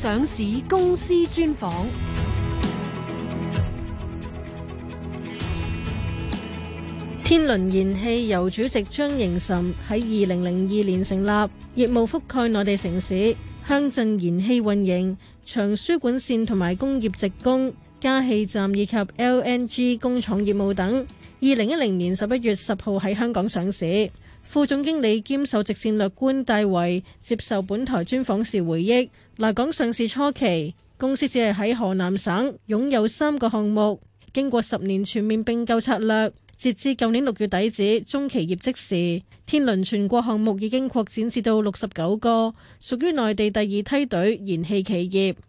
上市公司專訪，天倫燃氣由主席張瀛岑喺二零零二年成立，業務覆蓋內地城市、鄉鎮燃氣運營、長輸管線同埋工業直供、加氣站以及 LNG 工廠業務等。二零一零年十一月十號喺香港上市。副總經理兼首席戰略官戴維接受本台專訪時回憶，來港上市初期，公司只係喺河南省擁有三個項目。經過十年全面併購策略，截至舊年六月底止中期業績時，天倫全國項目已經擴展至到六十九個，屬於內地第二梯隊燃氣企業。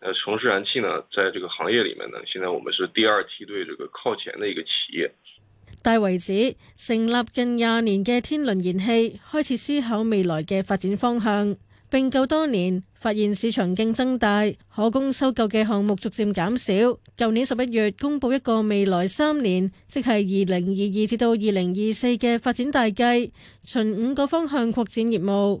誒，從事燃氣呢，在這個行業裏面呢，現在我們是第二梯隊，這個靠前的一個企業。戴維指成立近廿年嘅天倫燃氣，開始思考未來嘅發展方向。併購多年，發現市場競爭大，可供收購嘅項目逐漸減少。舊年十一月公布一個未來三年，即係二零二二至到二零二四嘅發展大計，循五個方向擴展業務。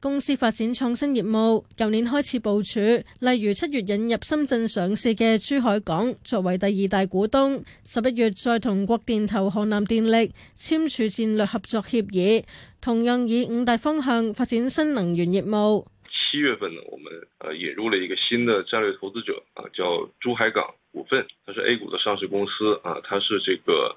公司發展創新業務，舊年開始部署，例如七月引入深圳上市嘅珠海港作為第二大股東，十一月再同國電投河南電力簽署戰略合作協議，同樣以五大方向發展新能源業務。七月份呢，我們引入了一個新的戰略投資者啊，叫珠海港股份，它是 A 股的上市公司啊，它是這個。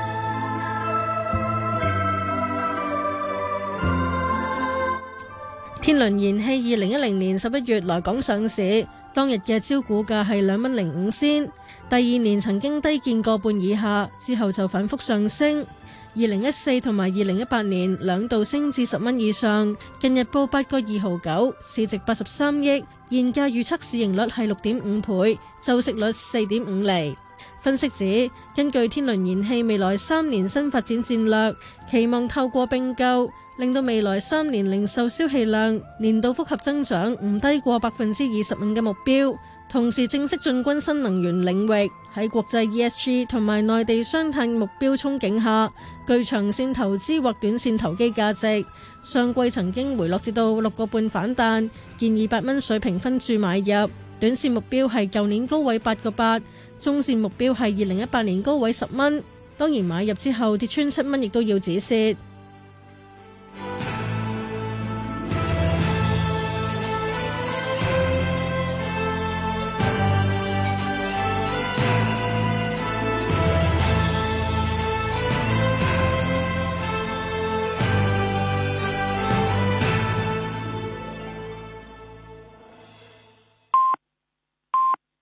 天倫燃氣二零一零年十一月來港上市，當日嘅招股價係兩蚊零五仙，第二年曾經低見過半以下，之後就反覆上升。二零一四同埋二零一八年兩度升至十蚊以上，近日報八個二毫九，市值八十三億，現價預測市盈率係六點五倍，周息率四點五厘。分析指，根據天倫燃氣未來三年新發展戰略，期望透過併購。令到未來三年零售銷氣量年度複合增長唔低過百分之二十五嘅目標，同時正式進軍新能源領域。喺國際 ESG 同埋內地雙碳目標憧憬下，具長線投資或短線投機價值。上季曾經回落至到六個半反彈，建議八蚊水平分注買入。短線目標係舊年高位八個八，中線目標係二零一八年高位十蚊。當然買入之後跌穿七蚊亦都要止蝕。